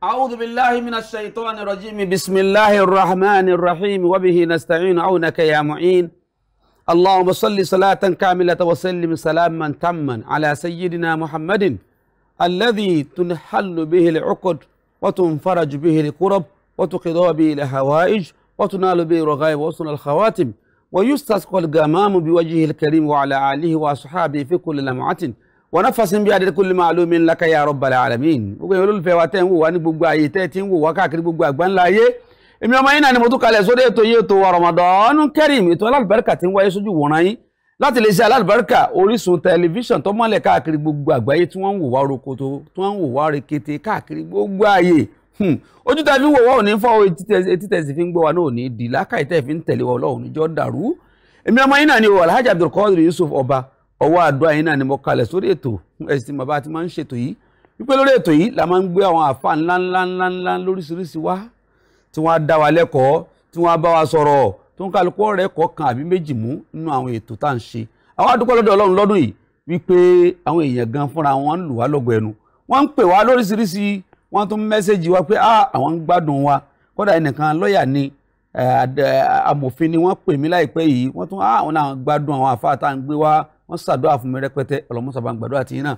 أعوذ بالله من الشيطان الرجيم بسم الله الرحمن الرحيم وبه نستعين عونك يا معين اللهم صل صلاة كاملة وسلم سلاما تاما على سيدنا محمد الذي تنحل به العقد وتنفرج به الكرب وتقضى به الهوائج وتنال به الرغائب وحسن الخواتم ويستسقى الغمام بوجهه الكريم وعلى آله وأصحابه في كل لمعة wa nafasin bí adẹ́kùn lè máa lómi ńlá káyà rabbal alamin gbogbo èèyàn olólùfẹ́ wa tẹ́ ń wò wá ní gbogbo ayé tẹ́ ti ń wò wá káàkiri gbogbo àgbáńlá ayé èmi ọmọ yín náà ni mo tún kalẹ̀ sórí ètò yìí ètò Ramadan Kareem ètò alálùbáríkà ti ń wáyé sójú wòran yín láti lè ṣe alálùbáríkà Orísun tẹlifíṣàn tó mọ́lẹ̀ káàkiri gbogbo àgbáyé tí wọ́n ń wò wá rokoto tí wọ́n ń wò wá rekete káàkiri gbogbo ayé ojú tẹ́ wò wá òní fọ́ etí tẹ́ fi ń gbọ́ wa náà òní di lákàtí fi ń tẹ̀lé wa ọlọ́run níjọ́ dàrú èmi ọmọ yín náà ni o Alhaji Abdulkadir Yusuf Ọba ọwọ́ àdúrà yín náà ni mo kalẹ̀ sórí ètò ẹ̀sìn bàbá àti máa ń ṣètò yìí wípé lórí ètò yìí la máa ń gbé àwọn àfa ńlá ńlá ńlá ńlá lóríṣiríṣi wá tí wọ́n á dá wa lẹ́kọ̀ọ́ tí wọ́n á bá wa sọ̀rọ̀ tó ń kálukú ọ̀rẹ́ kọ̀ọ̀kan àbí méjì mú nínú àwọn ètò tá à ń ṣe àwọn àdúgbò lọ́dọ̀ ọlọ́run lọ́dún yìí wípé àwọn èèyàn gan fúnra wọn ń lù wá lọ́gọ̀ ẹnu wọ́n ń pè wá lóríṣiríṣi wọ́n tún mẹ́sẹ̀jì wa pé àwọn ń gbádùn wa kódà ẹnìkan lọ́ọ̀yà ni amòfin ni wọ́n pè mí láìpẹ́ yìí wọ́n tún àwọn náà gbádùn àwọn àfa tá à ń gbé wá wọ́n ṣàdúrà fún mi rẹpẹtẹ ọlọmọsà bá ń gbàdúrà tí náà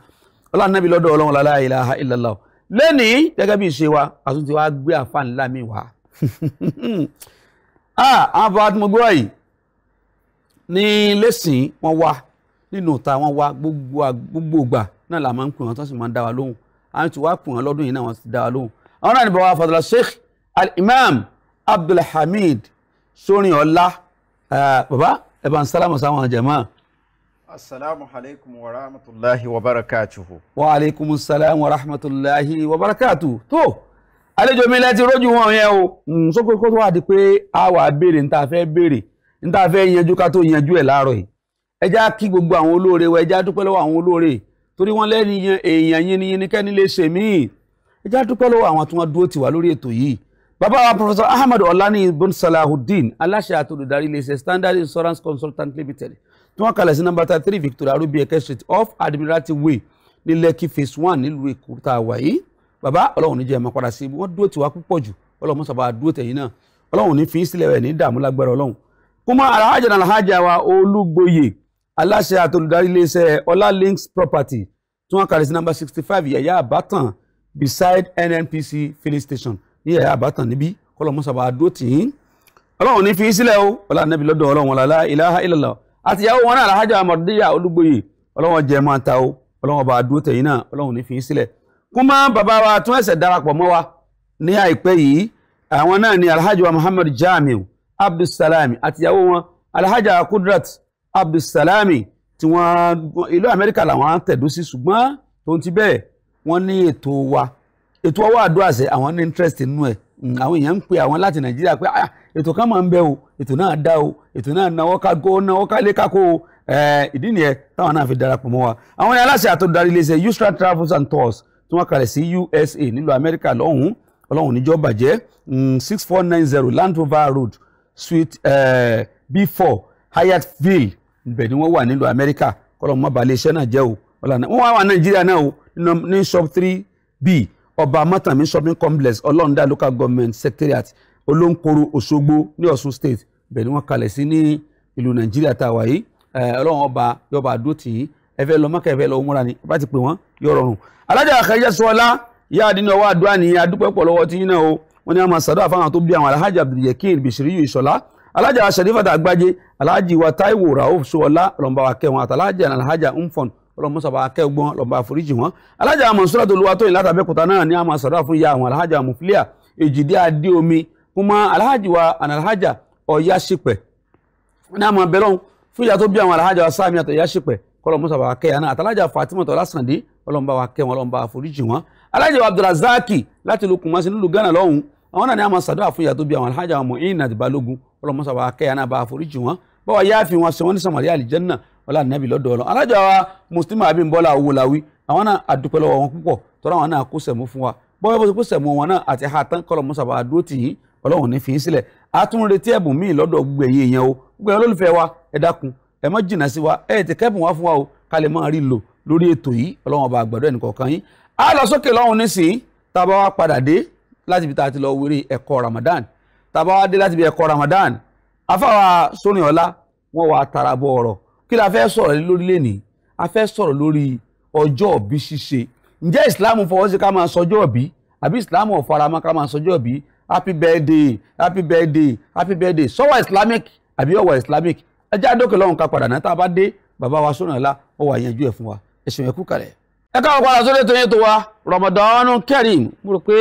ọlá nàbí lọ́dọ̀ Ọlọ́run lálẹ ilaha illallah lẹni gẹ́gẹ́ bí ìṣe wa àtúntò tí wàá gbé àfa ńlá mi wá. Ah, àwọn afọ àti mo gbọ́ yìí ní lẹ́sìn wọn wá nínú ìta wọn wá gbogbo ògbà náà là máa ń pè wọn tó sì máa ń dá wa lóhùn àwọn tí wàá pè wọn lọ́dún yìí náà wọ́n ti dá wa lóhùn àwọn náà ní bàbá fàdúrà Sheikh al-Imam Abdulhamid Sorinọlá ah, bàbá ẹ ń sálámù sáwọn jàmáà asalaamu aleykum wa rahmatulahi wa barakatuhu. wa aleykum salaam wa rahmatulahi wa barakatuhu. tó àlejò mi lẹ́tí rójú wọn yẹn o hmm, sókè kó tó wà di pé a wà béèrè níta fẹ́ béèrè níta fẹ́ yanjú ká tó yanjú ẹ̀ láàárọ̀ yìí ẹ já kí gbogbo àwọn olóore wa ẹ já dúpẹ́ lọ́wọ́ àwọn olóore torí wọ́n lẹ́ni èèyàn yín ni yín ni kẹ́ni lè ṣe míì ẹ já dúpẹ́ lọ́wọ́ àwọn tí wọ́n dúró tì wá lórí ètò wa professor ahmed ọ̀lànì ibn salahuddin aláṣẹ àtòlùdarí iléeṣẹ́ standard insurance consultant limited tí wọ́n kalẹ̀ sí nọ́mbà three Victoria rubi eke street off Admiralty Way ní Lekki phase one nílùú Èkó tá a wà yìí bàbá ọlọ́run níjẹ́ ẹ̀mọ́ padà sí wọ́n dúró tiwa púpọ̀ jù ọlọ́run mọ́sàbá dúró tẹ̀yìn náà ọlọ́run ní fi í sílẹ̀ ní dààmú lágbára ọlọ́run kúmọ́ alhaja náà alhaja wa aláṣẹ àtolùdarí iléeṣẹ́ ọlá links property tí wọ́n kalẹ̀ sí nọ́mbà sixty five yẹ̀yà àbátan beside NNPC filling station ní yẹ̀yà àbátan níbí ọlọ́run mọ́sàbá dúró tẹ̀yìn ọlọ́run ní fi í sílẹ̀ o ọlá àtìyàwó wọn náà alhaja amadiya olúgbòye ọlọ́wọ́n jẹ máa ta o ọlọ́wọ́n bá dúró tẹ̀yìn náà ọlọ́wọ́n ní fi í sílẹ̀ kúmọ́ bàbá wa tún ẹ̀sẹ̀ darapọ̀ mọ́ wa ní àìpẹ́ yìí àwọn náà ni alhaja muhammad jamiu abdulsalami àtìyàwó wọn alhaja kudrat abdulsalami tí wọ́n ìlú amẹ́ríkà làwọn tẹ̀dó sí ṣùgbọ́n tó ti bẹ́ẹ̀ wọ́n ní ètò wa ètò ọwọ́ àdúrà sẹ́ àwọn ní interest nínú ẹ̀ Mm. àwọn èèyàn ń pe àwọn láti nàìjíríà pé ah, ètò kan máa ń bẹ o ètò náà dá o ètò náà náwó ká gó náwó ká lé kákó o eh, ìdí nìyẹn táwọn náà fi darapọ̀ mọ́ wa. àwọn aláṣẹ àtọ́darí iléeṣẹ́ usra travels and tours tí wọ́n kalẹ̀ sí usa nílùú amẹ́ríkà lọ́hùn-ún ọlọ́hùn níjọ́ bàjẹ́ mm, six four nine zero land rover road suite eh, b four hyattville ibẹ̀ ni wọ́n wà nílùú amẹ́ríkà kọ́lọ́ mọ́ balẹ̀ iṣẹ́ náà jẹ́ o wọ́n wà nàìjíríà náà o ní shop three b ọba amátàmí shopping complex ọlọ́ọ̀dá local government secretariat olóńkoro òṣogbo ní ọ̀ṣun state bẹ́ẹ̀ ni wọ́n kalẹ̀ sí ní ìlú nàìjíríà tá a wà yìí ọlọ́run ọba yọba àdó tì í ẹ fẹ́ lọ mọ́kà ẹ lọ múra ni bá ti pè wọ́n yọ rọrùn. alájà àkàjẹ́ sọ́lá yá àdínní ọwọ́ àdúrà ní adúpẹ́ pọ̀ lọ́wọ́ tí yín o wọ́n ní a máa sàdọ́ àfáwọn tó bí àwọn alhaji abdulyakin bishiriyu ìṣọ̀lá alájà sharifat àgbájé alhaji wa taiwo rauf sọ́lá ọlọ́mbàwá kẹwọn àtàlájà alhaja umfon ọlọ́mọ sábà akẹ́ gbọ́n lọ́ba àforíjì wọn alájà Mansurat Olúwatóyìn látàbẹ́kúta náà ní àmọ́ sàrà fún ìyá àwọn alájà Muflia èjìdí adé omi kúmọ́ alájì wa alájà ọ̀yá ṣìpẹ̀ ní àmọ́ bẹ́ẹ̀ lọ́hùn fún ìyá tó bí àwọn alájà wa sáàmì àtọ̀ ọ̀yá ṣìpẹ̀ kọlọ́mọ sábà akẹ́ àtàlájà Fatima tọ́lá sàndé ọlọ́mọba wa kẹ́ wọn ọlọ́mọba àforíjì wọn alájà wa Abdulrazaki láti lu Kumasi nílùú Ghana lọ́hùn àwọn náà ní àmọ́ sàdúrà fún ìyá tó bí àwọn alájà wa mọ̀ ìnà àdìbálógún ọlá nàbì lọ́dọ̀ ọlọ́ alájà wa Muslimah Abímbọ́lá Owólawí àwọn náà àdúpẹ́ wọn púpọ̀ tọ́lá wọn náà kó sẹ̀mú fún wa bọ́wọ́ bó ti kó sẹ̀mú wọn náà àti ha tán kọ́lọ̀ mọ́sàbà dúró tì yín ọlọ́run ní fi í sílẹ̀ a tún ń retí ẹ̀bùn míì lọ́dọ̀ gbogbo ẹ̀yin èèyàn o gbogbo ẹ̀yin olólùfẹ́ wa ẹ dákun ẹ má jìnnà sí wa ẹ ti kẹ́bùn wá fún wa o ká lè máa rí lò lórí ètò yìí ọlọ́run ọba àgbàdo ẹnìkọ̀ọ̀kan yín a lọ ọlá wọn wà tarabọ ọ̀rọ̀ kí la fẹ́ sọ̀rọ̀ lórí lẹ́nìí a fẹ́ sọ̀rọ̀ lórí ọjọ́ òbí ṣíṣe ǹjẹ́ islam fọwọ́ sí ká máa sọjọ́ òbí àbí islam ò fara mọ́ ká máa sọjọ́ òbí happy birthday happy birthday happy birthday sọ́wọ́ islamic àbí ọ̀wọ̀ islamic ẹ jẹ́ àdókè lọ́hùn ká padà náà tá a bá dé bàbá wa sọ̀nà ńlá ọwọ́ àyànjú ẹ̀ fún wa ẹ ṣeun ẹ kú kalẹ̀. ẹ káwọn padà sórí ètò yẹn tó wa Ramadan Kareem mo rò pé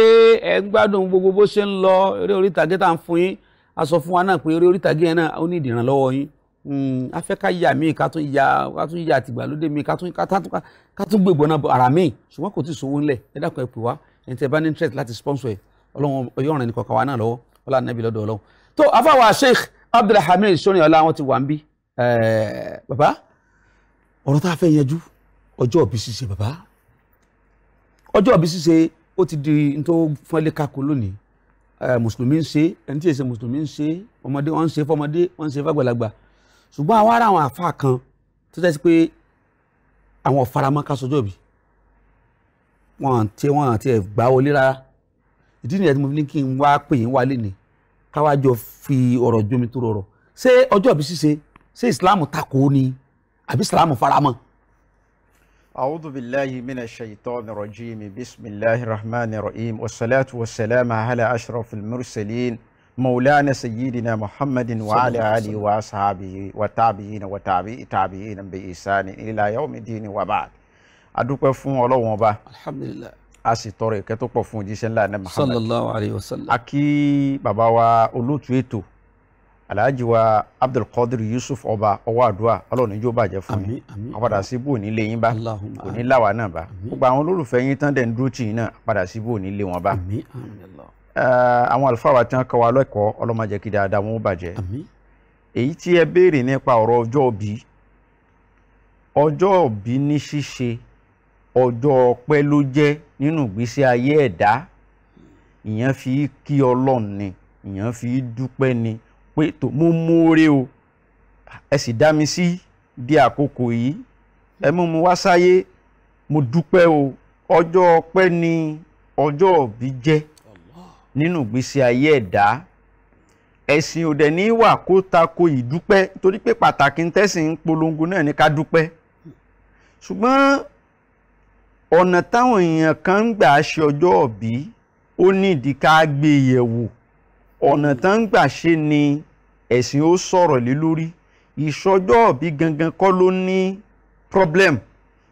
ẹ ń gbádùn gbogbo bó ṣe ń lọ eré orí ìtàgé tá à ń fún yín a sọ fún wa náà pé eré orí ìtàgé yẹn náà ó ní ìdìrànlọ́wọ́ yín Hmm, afẹ́ ká yà míì ká tún yà ká tún yà àtìgbàlódé míì ká tún ká tún gbégbọ́n náà ara míì ṣùgbọ́n kò tí ì sówó ńlẹ̀ ẹ dákun ẹ pè wá ẹni tẹ bá ní interest láti sponsor ẹ ọlọ́run ọyọ́run ẹni kọ̀ọ̀kan wa náà lọ́wọ́ ọlá nẹ́bí lọ́dọ̀ ọlọ́run tó afáwa Sheikh Abdulhamid Soniola wọn ti wà ń bí bàbá ọ̀rọ̀ tá a fẹ́ yanjú ọjọ́ òbí ṣíṣe bàbá ọjọ́ òbí ṣíṣe ó ti di n tó fọ́nlé kákó lónìí mùsùlùmí ń ṣe ẹni tí èsè mùsùlùmí ṣùgbọ́n àwọn ará àwọn àfa kan tó jẹ́ sí pé àwọn ọ̀faramọ́ ká sọjọ́ bí wọn tí wọn àti ẹ̀ gbá wọlé rárá ìdí nìyẹn tí mo fi ní kí n wá pè yín wálé ni káwá fi ọ̀rọ̀ jomi tó rọrọ̀ ṣé ọjọ́ bí ṣíṣe ṣé ìsìláàmù takò ni àbí ìsìláàmù faramọ́. أعوذ بالله من الشيطان الرجيم بسم الله الرحمن الرحيم والصلاة والسلام على أشرف المرسلين مولانا سيدنا محمد وعلى آله وأصحابه وتابعين وتابعي تابعين بإحسان إلى يوم الدين وبعد adúpẹ́ fún ọlọ́run ọba alhamdulillah a sì tọrọ ìkẹ́ tó pọ̀ fún òjíṣẹ́ ńlá ní muhammad sallallahu alayhi wa sallam a kí bàbá wa olóòtú ètò alhaji wa abdulkadir yusuf ọba ọwọ́ àdúrà ọlọ́run ìjọ bàjẹ́ fún mi àpadà sí bò nílé yín bá kò ní láwa náà bá gbogbo àwọn olólùfẹ́ yín tán dẹ̀ ń dúró tì yín náà àpadà sí bò nílé wọn bá Eh, àwọn àlùfáà wa tí wọ́n kọ́ wa lẹ́kọ̀ọ́ ọlọ́mọdé kí dáadáa wọn ó bàjẹ́ èyí tí ẹ béèrè nípa ọ̀rọ̀ ọjọ́ òbí ọjọ́ òbí ní ṣíṣe ọjọ́ ọpẹ́ ló jẹ́ nínú ìgbésí ayé ẹ̀dá ìyẹn fi kí ọlọ́run ni ìyẹn fi dúpẹ́ ni pé tó mú múre o ẹ sì dá mi sí di àkókò yìí ẹ mú mi wá sáyé mo dúpẹ́ o ọjọ́ ọpẹ́ ni ọjọ́ òbí jẹ́ nínú ìgbésí ayé ẹ̀dá ẹ̀sìn ò dẹ̀ ní wà kó tako ìdúpẹ́ torí pé pàtàkì tẹ́sìn ń polongo náà ní ká dúpẹ́ ṣùgbọ́n ọ̀nà táwọn èèyàn kan ń gbà ṣe ọjọ́ ọ̀bí ó nídìí ká gbé e yẹ̀wò ọ̀nà tán ń gbà ṣe ni ẹ̀sìn ó sọ̀rọ̀ lé lórí ìṣọjọ́ ọ̀bí gangan kọ́ ló ní problem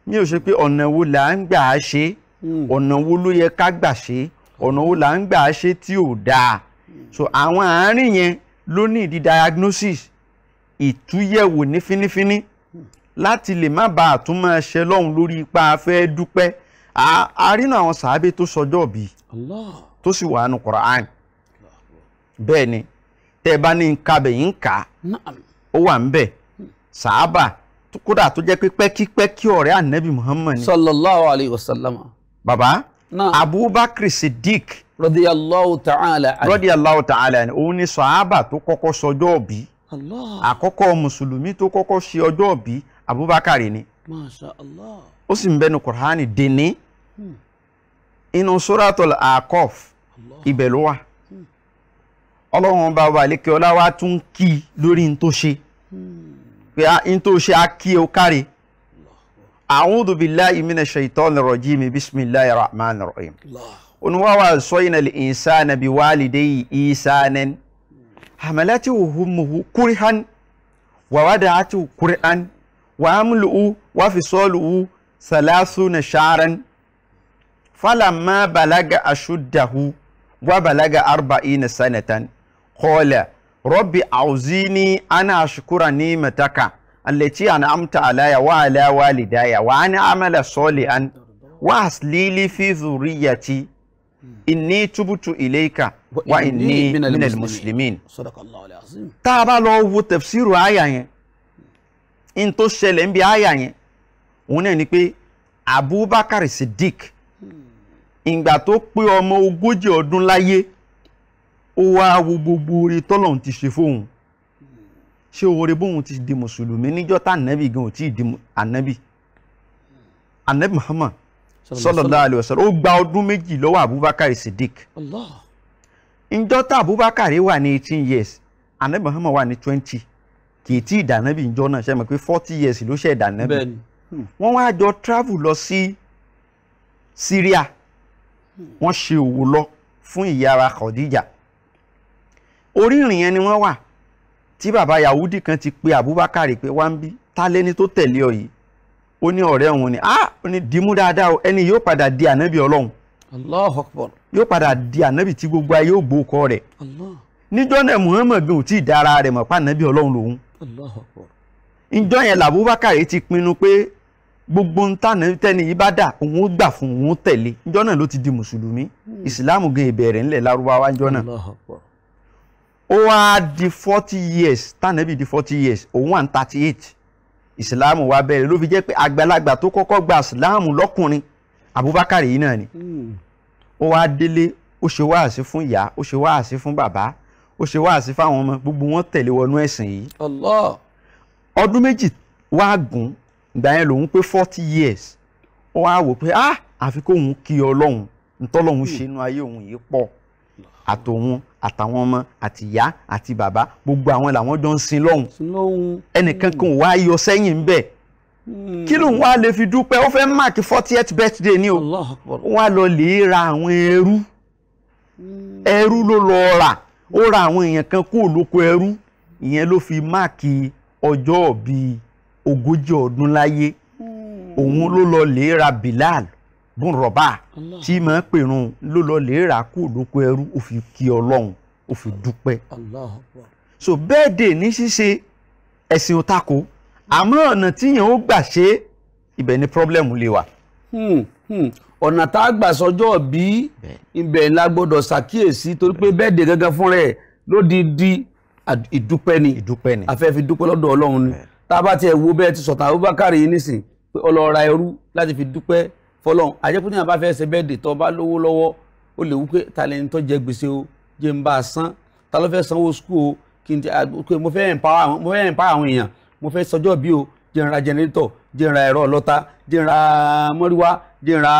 mi ò ṣe pé ọ̀nà wo là ń gbà ṣe hmm. ọ̀nà wo ló yẹ ká gbà ṣe ọ̀nà wo là ń gbà ṣe tí ò dáa so àwọn àárín yẹn ló ní ìdí diagnosis ìtúyẹ̀wò ní fínífíní láti lè má bàa tún máa ṣe lọ́hùn lórí ipa afẹ́ dúpẹ́ àárínà àwọn sàábé tó sọjọ́ bí tó sì wà nù Quran bẹ́ẹ̀ ni tẹ́ ẹ bá ní nkabẹ̀ yín kà á ó wà ń bẹ̀ sàábà kódà tó jẹ́ pé pẹ́kípẹ́kí ọ̀rẹ́ ànábì Muhammad ni. sallallahu alayhi wa sallam. bàbá Abubakar Siddiq. Radiyallahu ta'ala. òun ni sọ̀hábà tó kọ́kọ́ sọjọ́ òbí. Àkọ́kọ́ Mùsùlùmí tó kọ́kọ́ ṣe ọjọ́ òbí Abubakar ni. Masha Allah. Ó sì ń bẹnu Kùránì dèní. Hmm. Inú Suratul Aqaf ibẹ̀ ló wà. Hmm. Ọlọ́run ọba wa lékè tún kí lórí hmm. Pé e, o kari. a'udhu billahi minash shaitanir rajim bismillahir rahmanir rahim onuwawa soyina li insana bi walidayhi isanan hamalati ummuhu kurhan wa wada'atu qur'an wa amlu'u wa fisalu'u salasuna sha'ran falamma balaga ashuddahu wa balaga arba'ina sanatan qala rabbi auzini ana ashkura ni'mataka التي أنعمت علي وعلى والدي وأن أعمل صالحا وأصلي لي في ذريتي إني تبت إليك وإني من المسلمين صدق الله العظيم tá a bá lọ wo tafsiru àyà yẹn in tó ṣẹlẹ̀ ń bi àyà yẹn òun náà ni pé Abubakar Siddiq ìgbà tó pé ọmọ ogójì ọdún láyé ó wá wo gbogbo oore tọ́lọ́run ti ṣe fóun ṣé oore bóun ti di mùsùlùmí níjọ́ tá ànábì gan ò tí ì di ànábì ànábì muhammad sallallahu alaihi wasallam ó gba ọdún méjì lọ́wọ́ abubakar siddiq ǹjọ́ tá abubakar wà ní eighteen years ànábì muhammad wà ní twenty kì í tí ì dànábì ǹjọ́ náà ṣe mọ̀ pé forty years ló ṣe dànábì hmm. wọ́n wá jọ travel lọ sí syria wọ́n ṣe òwò lọ fún ìyára khadija orí ìrìn yẹn ni wọ́n wà tí bàbá Yahudi kan ti pe Abubakar pé wá ń bí tálẹ́ni tó tẹ̀lé ọ yìí ó ní ọ̀rẹ́ òun ni ah ó ní dìímú dáadáa o ẹni yóò padà di ànábì ọlọ́run Allahu Akbar yóò padà di ànábì tí gbogbo ayé ò gbókọ rẹ̀ Allah níjọ́ náà Muhammad gan ò tí ì dára rẹ̀ mọ̀ pa ànábì ọlọ́run lòun Allahu Akbar ìjọ́ yẹn làbúbákà yìí ti pinnu pé gbogbo ń tànà tẹ́ni yìí bá dà òun ó gbà fún òun ó tẹ̀lé ìjọ́ náà ló ti di mùsùlùmí hmm. ìsìláàmù gan ìbẹ̀rẹ̀ ńlẹ̀ lárúbáwá ìjọ́ náà ó wá di forty years tànàbí di forty years òun wà ní thirty eight ìsìláàmù wa bẹ̀rẹ̀ ló fi jẹ́ pé àgbàlagbà tó kọ́kọ́ gba ìsìláàmù lọ́kùnrin Abubakar yìí náà ni hmm. ó wá délé ó ṣe wáàsí fún ìyá ó ṣe wáàsí fún bàbá ó ṣe wáàsí fáwọn ọmọ gbogbo wọn tẹ̀lé wọnú ẹ̀sìn yìí Allah ọdún méjì wá gùn ìgbà yẹn lòun pé forty years ó wá wò pé ah àfi kóun kí Ọlọ́run ntọ́lọ́run hmm. ṣe inú ayé òun yìí pọ̀ àtòun àtàwọn ọmọ àtìyá àti bàbá gbogbo àwọn làwọn jọ ń sin lọ́hùn ẹnìkan kan wá yọ sẹ́yìn ń bẹ̀ hmm. kí ló ń wá lè fi dúpẹ́ ó fẹ́ mark fortieth birthday ni o wá lọ lè ra àwọn ẹrú hmm. ẹrú ló lọ rà ó ra àwọn èèyàn kan kó lóko ẹrú ìyẹn ló fi mark ọjọ́ bíi ogójì ọdún láyé hmm. òun ló lọ lè ra Bilal bùn rọ̀bà tí máa pèrun ló lọ lè rà kú lóko ẹrú ó fi kí ọlọ́run ó fi dúpẹ́. so bẹ́ẹ̀ dè ní ṣíṣe ẹ̀sìn ò àmọ́ ọ̀nà tíyàn ó gbà ṣe ibẹ̀ ni pírọ́blẹ́mù lè wà. Hmm, hmm. ọ̀nà tá a gbà sọjọ́ bí ibẹ̀ la gbọ́dọ̀ ṣàkíyèsí torí pé bẹ́ẹ̀ dè gangan fúnra ẹ̀ ló di di ìdúpẹ́ ni ìdúpẹ́ ni afẹ́fi dúpẹ́ lọ́dọ̀ ọlọ́run ni tá a bá tiẹ̀ wo bẹ́ẹ̀ ti sọ̀tà Abubakar yìí nísìn pé ọlọ́ọ̀ra ẹrú láti fi dúpẹ́ fọlọ́n àjẹpọ̀ níyàn bá fẹ́ ṣe bẹ́ẹ̀ dè tọ́ bá lówó lọ́wọ́ ó lè wú pé ta lẹni tó jẹ gbèsè o jẹ́ ń bá a san ta ló fẹ́ sanwó skul o kí n ti ah, pé mo fẹ́ empower àwọn èèyàn mo fẹ́ sọjọ́ bí o jẹ́ ń ra jẹnẹrétọ̀ jẹ́ ń ra ẹ̀rọ ọlọ́ta jẹ́ ń ra mọ́ríwá jẹ́ ń ra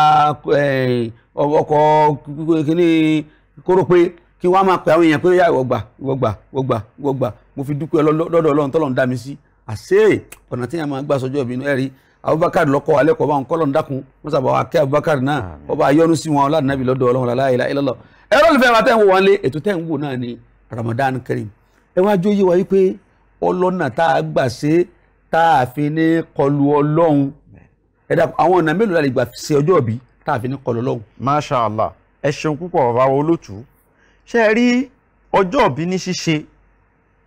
eh, ọkọ̀ kíní kóró pé kí wọ́n á máa pè àwọn èèyàn pé yá ìwọ̀gbà ìwọ̀gbà ìwọ̀gbà ìwọ̀gbà mo fi dúpẹ́ lọ́dọ̀ ọlọ́run tọ́lọ́run dá mi sí àṣé ọ̀nà tí yàn máa gbà sọjọ́ ìbínú ẹ̀rí abubakar lọkọ alẹ kọ báwọn kọlọ ń dákun wọn sábà wà kí abubakar náà ọba ayọnu sí wọn ọlànà nàbí lọ́dọ̀ Ọlọ́run lálẹ ilọlọ ẹrọ lùfẹ wa tẹ ń wò wọn lé ètò tẹ ń wò náà ni Ramadan Kareem ẹ wá jó yé wa wípé ọlọ́nà tá a gbà ṣe tá a fi ní kọlu Ọlọ́run ẹ dà àwọn ọ̀nà mélòó la lè gbà ṣe ọjọ́ bí tá a fi ní kọlu Ọlọ́run. masha allah ẹ ṣeun púpọ̀ bàbá wa olótú ṣe é rí ọjọ́ bí ní ṣíṣe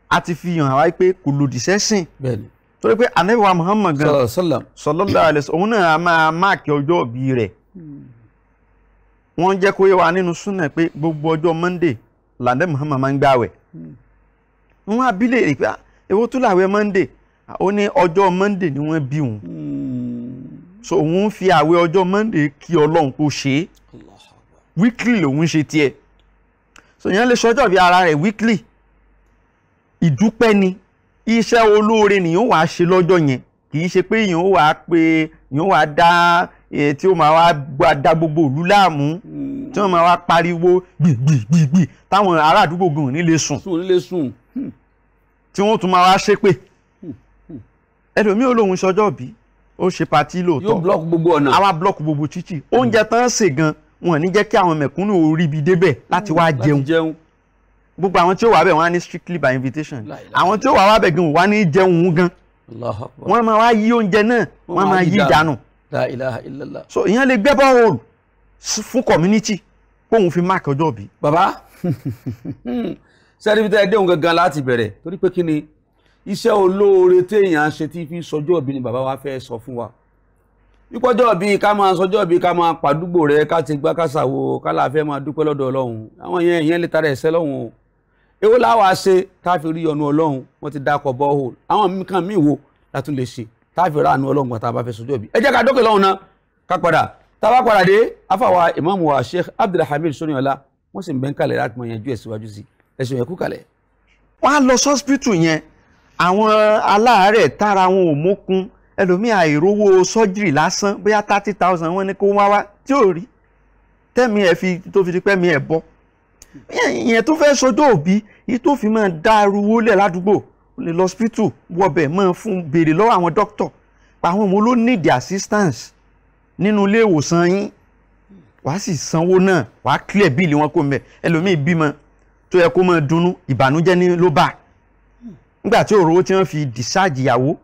a fi hàn wáyé pé kò lòdì sẹ́sìn torí pé anabiwa muhammad gan sallallahu alaihi òun náà máa máàkì ọjọ́ òbí rẹ̀ wọ́n jẹ́ kó yé wa nínú súnà pé gbogbo ọjọ́ monday làǹdẹ́ muhammad máa ń gbààwẹ̀ wọ́n á bí léèrè pé ah, èwo tún làwẹ̀ monday ah, ó ní ọjọ́ monday ni wọ́n bí òun so òun fi àwẹ̀ ọjọ́ monday kí ọlọ́run kó ṣe é weekly lòun ṣe tiẹ̀ so ìyẹn lè ṣọjọ́ bí ara rẹ̀ weekly ìdúpẹ́ ni iṣẹ́ olóore nìyẹn wàá ṣe lọ́jọ́ yẹn kì í ṣe pé èèyàn wàá pé èèyàn wàá dá tí ó máa wá da gbogbo ìlú láàmú tí wọ́n máa wá pariwo gbìgbìgbì táwọn ará àdúgbò gan ní lè sùn hmm. tí wọ́n tún máa wá ṣépè ẹlòmíì olóhùn sọjọ́ bí ó ṣe patí lóòótọ́ yóò blọọkù gbogbo ọ̀nà àwa blọọkù gbogbo títì oúnjẹ tán ṣe gan wọn ní jẹ́ kí àwọn mẹ̀kúnnù orí ibi débẹ̀ láti wá hmm, jẹun gbogbo àwọn tí ó wà bẹ̀ wọ́n á ní strictly by invitation àwọn tí ó wà wá bẹ̀ gan wà ní jẹun gan wọ́n máa wá yí oúnjẹ náà wọ́n máa yí ìdànù so ìyẹn lè gbẹ́ bọ́ọ̀lù fún community kóun fi mark ọjọ́ bí. bàbá sẹ́rífítà ẹ̀dẹ́hùn gangan láti bẹ̀rẹ̀ torí pé kí ni iṣẹ́ olóore téèyàn ṣe tí fi sọjọ́ bí ni bàbá wa fẹ́ sọ fún wa pípọ́jọ́ bí ká máa sọjọ́ bí ká máa pàdúgbò rẹ ká ti gbá ká ṣàwo ká láfẹ́ máa dúpẹ́ lọ́dọ̀ ọlọ́run àwọn yẹn ìyẹn lè tara ẹ̀sẹ̀ lọ́hùn o èwo láwa ṣe táfi rí ọnu ọlọ́run wọ́n ti dákọ̀ bọ́ọ̀hù àwọn nǹkan míì wo la tún lè ṣe táfi rá àánú ọlọ́run tá a bá fẹ́ sojú ọ̀bí ẹ jẹ́ ká dókè lọ́hùn náà ká padà tá padà dé afáwa ìmáàmù wa Sheikh Abdulhamid Soniola wọ́n sì ń bẹ́ ń kalẹ̀ láti mọ yanjú ẹ̀ síwájú sí ẹ̀sùn yẹn kú kalẹ̀. wọ́n á lọ sọ́sìpìtù yẹn àwọn aláàárẹ̀ tára wọn ò mókun ẹlòmíà ìrówó thirty thousand wọ́n ní kó wá wá tí ò rí tẹ́mi ẹ̀ fi ìyẹn tó fẹ́ sojú òbí yìí tó fi máa dá aruwo lẹ̀ ládùúgbò ó lè lọ hospital wọbẹ̀ máa fún béèrè lọ́wọ́ àwọn doctor àwọn ọmọ ló need assistance nínú ilé ìwòsàn yín wàá sì sanwó náà wàá clear bíìlì wọn kó mbẹ ẹlòmíì bímọ tó yẹ kó máa dunnú ìbànújẹ́ ní ló bá nígbà tí òróró tí wọ́n fi discharge ìyàwó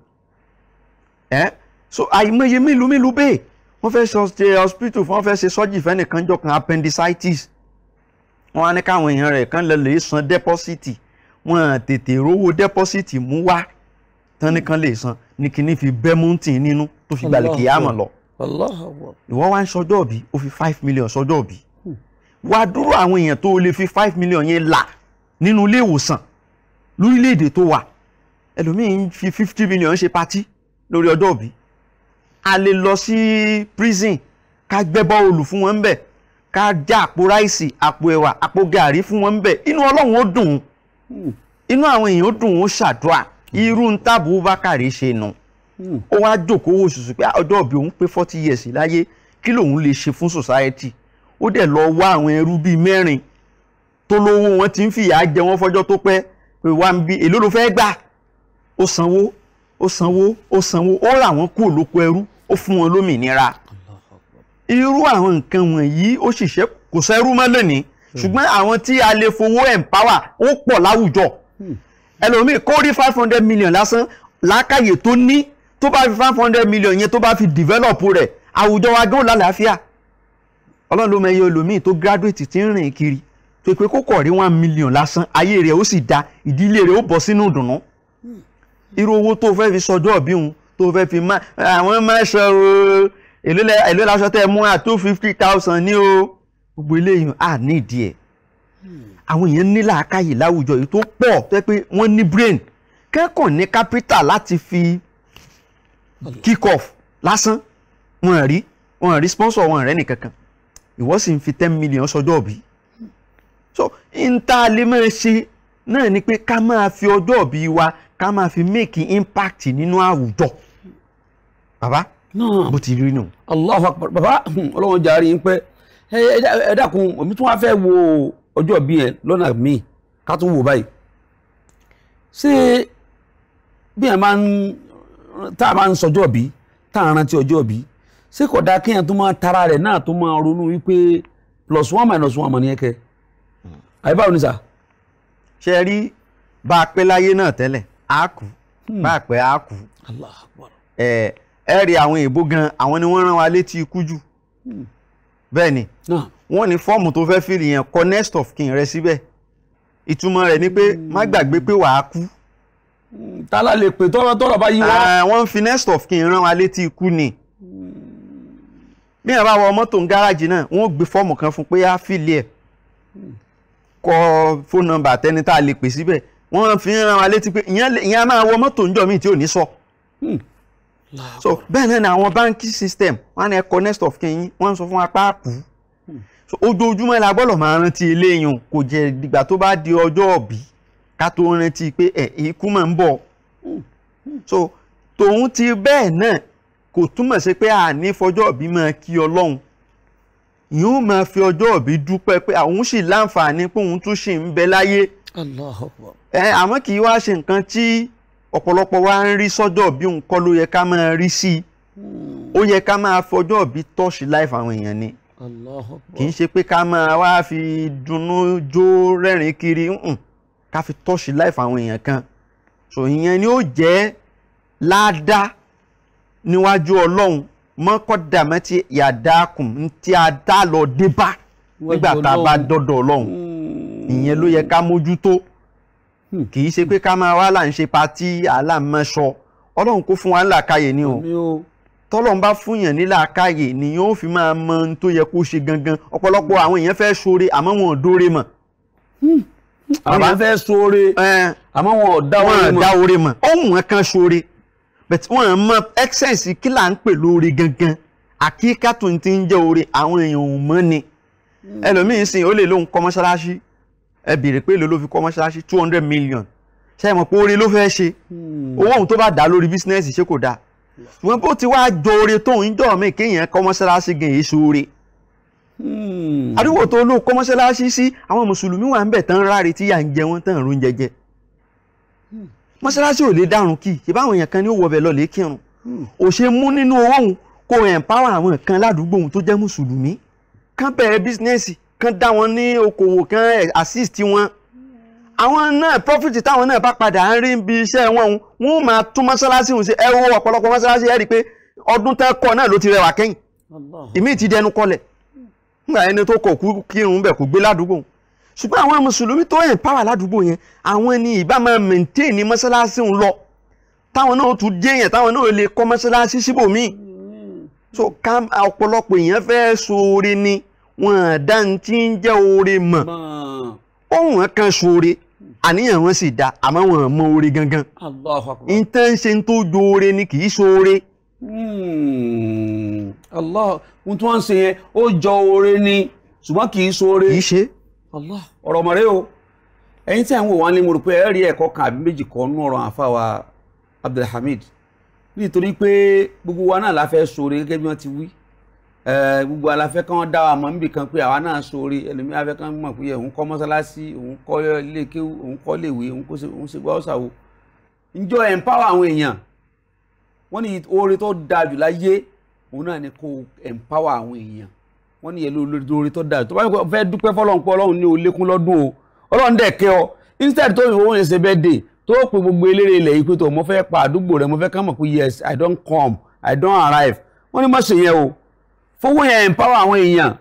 ẹ so àìmọye mélòó mélòó bẹ́ẹ̀ wọ́n fẹ́ ṣe hospital fún wọ́n fẹ́ ṣe surgery fẹ́nìkan jọkan appendicitis wọ́n á ní káwọn èèyàn rẹ̀ kan lọ́lẹ̀ san dẹ́pọ́sìtì wọ́n tètè rówó dẹ́pọ́sìtì mú wá tán ní kan lè san ní kíní fi bẹ́múntì nínú tó fi gbalẹ̀ kìí àmọ̀ lọ. ìwọ wá ń sọjọ́ bí ó fi five million sọjọ́ bí wàá dúró àwọn èèyàn tó lè fi five million yẹn là nínú ilé ìwòsàn lórílẹ̀‐èdè tó wà ẹlòmíì fi fifty million ṣe patí lórí ọjọ́ bí a lè lọ sí prison ká gbẹ́bọ́ olù fún wọn bẹ́ẹ̀ ká já àpò ráìsì àpò ẹ̀wà àpò gàrí fún wọn bẹ́ẹ̀ inú ọlọ́run ó dùn inú àwọn èèyàn ó dùn ó ṣàdúrà irú ń tábù bákàrí ṣe nù ó wá jókòó wò ṣùṣù pé ah, ọjọ́ òbí òun pé forty years láyé kí lòun lè ṣe fún society ó dẹ̀ lọ wá àwọn ẹrú bíi mẹ́rin tó lówó wọn ti ń fìyà jẹ wọn fọjọ́ tó pẹ́ pé wá ń bí èló ló fẹ́ gbà ó sanwó ó sanwó ó sanwó ó rà wọ́n kúrò lóko ẹrú ó fún wọn lómìnira irú àwọn nǹkan wọ̀nyí ó ṣiṣẹ́ kò sẹ́rú mọ́ lónìí hmm. ṣùgbọ́n àwọn tí a lè fowó empower ó pọ̀ láwùjọ hmm. ẹlòmíì kó rí five hundred million lásán làákàyè tó ní tó bá fi five hundred million yẹn tó bá fi develop rẹ̀ àwùjọ wa gan lálàáfíà ọlọ́run ló mọ iye olòmíì tó graduate ti ń rìn kiri tó pé kó kọ̀ rí one million lásán ayé rẹ̀ ó sì da ìdílé rẹ̀ ó bọ̀ sínú ìdùnnú hmm. irú owó tó fẹ́ fi sọjọ́ ọ̀bí òun tó fẹ́ fi má àwọn máa ṣe ooo èló laṣọ tẹ́ ẹ mú à two fifty thousand ní o gbogbo eléyìí à ní ìdí ẹ̀ àwọn èèyàn ní làákàyè láwùjọ yìí tó pọ̀ tó yẹ pé wọ́n ní brain kẹ́kàn ní capital láti fi kick off lásán wọn rí wọn rí sponsor wọn rẹ́ nìkankan ìwọ sì ń fi ten million sọjọ́ bí so n ta lè máa ṣe náà ni pé ká máa fi ọjọ́ bí wa ká máa fi make impact nínú àwùjọ bàbá. naa bó ti rí nù. Allahu Akbar bàbá ọlọ́run jàre yín pẹ́ ẹ dákun èmi tún wá fẹ́ wo ọjọ́ bí yẹn lọ́nà míì ká tún wò báyìí ṣé bí yẹn máa ń tá a máa ń sọjọ́ bí tá tara rẹ̀ náà tó máa ronú plus one minus one rí a pé láyé náà tẹ́lẹ̀ á kú hmm. bá a pé kú. ẹ rí àwọn èèbó gan àwọn ni wọ́n rán wa létí ikú jù hmm. bẹ́ẹ̀ ni wọ́n ní fọ́ọ̀mù tó fẹ́ fìlì yẹn connect of kin rẹ síbẹ̀ ìtumọ̀ rẹ̀ ni pé hmm. má gbàgbé pé wàá kú. Hmm. tálá lè pè tọrọ tọrọ bá yí wá. Ah, wọ́n fi next of kin rán wa létí ikú ni bí ẹ bá wọ mọ́tò ń gáràjì náà wọ́n gbé fọ́ọ̀mù kan fún pé á fìlì ẹ̀ kọ fóònù nọ́mbà tẹni tá a lè pè síbẹ̀ wọ́n fi rán wa létí pé ìyẹn máa wọ mọ́tò ń jọ míì tí ò ní sọ so bẹ́ẹ̀ náà ni àwọn banking system wọn ní ẹ̀kọ́ next of kin yín wọ́n ń sọ fún apá àpù hmm. so ojoojúmọ́ la gbọ́dọ̀ máa rántí eléyìí kò jẹ́ dìgbà tó bá di ọjọ́ ọ̀bí ká tó rántí pé ẹ̀ ikú máa ń bọ̀ hmm. Hmm. so tòun ti bẹ́ẹ̀ náà kò túmọ̀ sí pé a ní fọjọ́ ọ̀bí máa kí ọlọ́run yóò máa fi ọjọ́ ọ̀bí dúpẹ́ pé àwọn sì láǹfààní pé òun tún ṣì ń bẹ láyé àmọ́ kì í wá ṣe nǹkan tí ọ̀pọ̀lọpọ̀ wa ń rí sọ́jọ́ bí nǹkan ló yẹ ká máa rí sí i ó yẹ ká máa fọjọ́ bí tọ́ọ̀ṣì láìfà àwọn èèyàn ni kì í ṣe pé ká máa wá fi dunnú jó rẹ́rìn kiri ká fi tọ́ọ̀ṣì láìfà àwọn èèyàn kan so ìyẹn ni ó jẹ́ ládàá níwájú ọlọ́run mọ́kọ́dàmẹ́tì yàdákùn tí a dá lọ dé bá nígbà tá a bá dọ́dọ̀ ọlọ́run mm. ìyẹn ló yẹ ká mójútó. Hmm, kì í ṣe pé ká máa wá là ń ṣe patí aláàmọ́ṣọ ọlọ́run kó fún wa nílàákàyè ni o tọ́lọ́run bá fún yàn nílàákàyè ni yóò fi máa mọ ohun tó yẹ kó ṣe gangan ọ̀pọ̀lọpọ̀ àwọn èèyàn fẹ́ ṣoore àmọ́ wọn ò dóore mọ̀. Hmm, àwọn èèyàn fẹ́ ṣoore àmọ́ wọn ò dá oore mọ̀ ó mú wọn kan ṣoore but wọn mọ excess kí là ń pè lóore gangan àkíkàtún ti ń jẹ́ oore àwọn èèyàn ò mọ̀ ni hmm. ẹlòmíín sìn ó lè lóun kọ́ mọ́ṣáláṣí ẹ béèrè pé èlò ló fi kọ́ mọ́ṣáláṣí two hundred million ṣe é mọ̀ pé oore ló fẹ́ ṣe hmm. owó òun tó bá dá lórí bísínẹ́sì ṣé kò dáa hmm. ṣùgbọ́n bó ti wá jọ oore tóun ń jọ mí kéèyàn kọ́ mọ́ṣáláṣí gan èso oore hmm. àdúgbò tó ló kọ́ mọ́ṣáláṣí sí àwọn mùsùlùmí wà ń bẹ̀ tán ráre tí yà ń jẹ wọ́n tán rún jẹjẹ mọ́ṣáláṣí ò lè dárun kì í báwọn èèyàn kan ní ó wọbẹ̀ lọ lè kírun ò ṣe mú nínú owó òun kó empower àwọn kan ládùúgbò òun tó jẹ́ mùsùlùmí kán bẹ̀rẹ̀ bísínẹ́sì kan dá wọn ní okòwò kan assist wọn àwọn náà profit táwọn náà bá padà ń rí bí iṣẹ́ wọn òun wọn ò máa tún mọ́ṣáláṣí òun ṣe ẹ wo ọ̀pọ̀lọpọ̀ mọ́ṣáláṣí ẹ rí i pé ọdún tẹ́ kọ́ náà ló ti rẹwà kẹ́yìn ìmí ti dẹnu kọlẹ̀ nígbà ẹni tó kọ̀ kú kírun bẹ̀ kò gbé ládùúgbò ṣùgbọ́n àwọn mùsùlùmí tó yẹn pàwà ládùúgbò yẹn àwọn ni ìbá máa maintain ní mọ́ṣáláṣí òun lọ táwọn náà tún dé yẹn táwọn náà lè kọ́ mọ́ṣáláṣí síbòmíì so ọ̀pọ̀lọpọ̀ èèyàn fẹ́ ṣoore ni wọn àdáhùn tí ń jẹ́ oore mọ̀ ohun kan ṣoore àníyàn wọn sì da àmọ́ wọn mọ oore gangan nǹkan ṣe tó joore ni kì í ṣoore. Hmm. Allah ohun tí wọ́n ń ṣe yẹn ó jọ oore ni ṣùgbọ́n kì í ṣoore. kì í ṣe. Allah ọ̀rọ̀ mọ̀rẹ́ o ẹ̀yin tí à ń wò wọ́n lé mo rò pé ẹ rí ẹ̀kọ́ kan àbí méjì kan nínú ọ̀rọ̀ àfàwà Abdulhamid nítorí pé gbogbo wa náà la fẹ́ ṣoore gẹ́gẹ́ bí wọ́n ti wí gbogbo aláfẹ́ kan dá wa mọ̀ níbi kan pé àwa náà sórí ẹlòmíì afẹ́ kan mọ̀ pé òun kọ́ mọ́sálásí òun kọ́ ilé kéwú òun kọ́ léwé òun ṣe gbọ́ ọ̀sàwò ǹjọ́ empower àwọn èèyàn wọ́n ní oore tó dáa jù láyé òun náà ni kó empower àwọn èèyàn wọ́n ní yẹlò oore tó dáa jù tó bá fẹ́ dúpẹ́ fọlọ́run pé ọlọ́run ní o lékún lọ́dún o ọlọ́run dẹ̀ kẹ́ ọ instead tó ìwọ́n yẹn ṣe bẹ́ẹ̀ dé tó pè gbogbo eléré ilẹ̀ yìí pé tó mo fẹ́ pa àdúgbò rẹ mo fẹ́ kàn mọ̀ pé yes i don come i don arrive wọ́n ní má ṣe yẹn o fowó yẹn empower àwọn èèyàn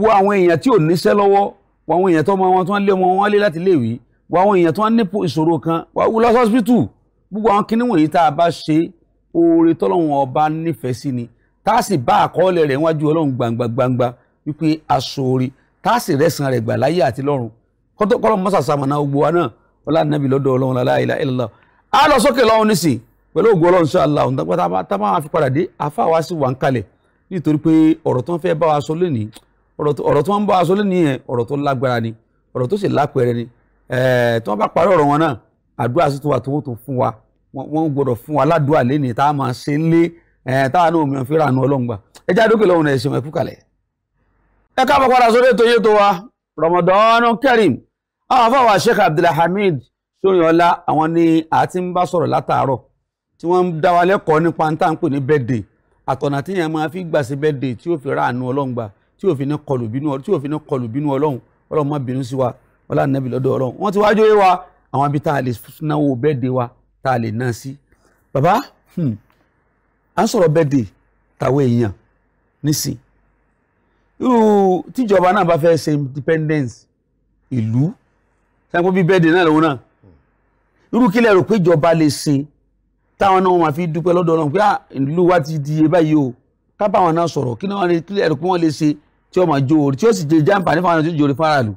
wo àwọn èèyàn tí ò níṣẹ́ lọ́wọ́ wo àwọn èèyàn tó ọmọ wọn tó ń lé ọmọ wọn lé láti léèwé wo àwọn èèyàn tó ń ní ìṣòro kan wo lọ́sọ́sítù gbogbo àwọn kinní wọ̀nyí tá a bá ṣe oore tọ́lọ́wọ́n ọba nífẹ̀ẹ́ sí ni tá a sì bá àkọọ́lẹ̀ rẹ̀ wájú ọlọ́run gbangba gbangba wípé aṣọ oore tá a sì rẹ̀sán rẹ̀ gbà láyé àti lọ́run kọ́lọ́mù mọ́sàsámọ́ná gbogbo wa náà ọlá la ilaha illallah á lọ sókè lọ́run nísìn pẹ̀lú ògùn ọlọ́run ṣáà láwọn tá a máa fi padà nítorí pé ọ̀rọ̀ tó ń fẹ́ bá wa sọ lónìí ọ̀rọ̀ tó ń bá wa sọ lónìí yẹn ọ̀rọ̀ tó lágbára ni ọ̀rọ̀ tó sì lápẹẹrẹ ni tí wọ́n bá parí ọ̀rọ̀ wọn náà àdúrà sì tó wà tó wọ́n tó fún wa wọ́n gbọ́dọ̀ fún wa ládùúà lẹ́nìí tá a máa ṣe ń lé táwa náà mìíràn fi ràánú ọlọ́run gbà ẹ já dókè lọ́wọ́ ẹ̀sìn ẹ̀kú kalẹ̀. ẹ káàbọ̀ padà sórí ètò yìí tó wa Ramadan Kareem àwọn afáwà Sheikh Abdulhamid Sorinola àwọn ni a ti ń bá sọ̀rọ̀ látàárọ̀ tí wọ́n ń dá wa lẹ́kọ̀ọ́ nípa ń tà ń pè ní birthday àtọ̀nà tí yẹn máa fi gbà sí birthday tí yóò fi ráàánú ọlọ́run gbà tí yóò fi ní kọlù bínú ọlọ́run tí yóò fi ní kọlù bínú ọlọ́run ọlọ́run má bínú sí wa ọlá nàbì lọ́dọ̀ ọlọ́run wọ́n ti wájú yé wa àwọn ibi tá a lè náwó birthday wa tá a lè ná sí. bàbá hmm, à ń sọ̀rọ̀ birthday tàwọn èèyàn nísìn irú tíjọba náà bá fẹ́ ṣe independence ìlú sáyẹn kó bí birthday náà lòun náà irú kílẹ̀ rò pé lè ṣe táwọn náà máa fi dúpẹ́ lọ́dọ̀ Ọlọ́run pé ah, ìlú wa ti di báyìí o kápá àwọn náà sọ̀rọ̀ kí náà ẹ̀rọ kí wọ́n lè ṣe tí ó máa jó orí tí ó sì jẹ́ àǹfààní fáwọn tó jòrè fáráàlú.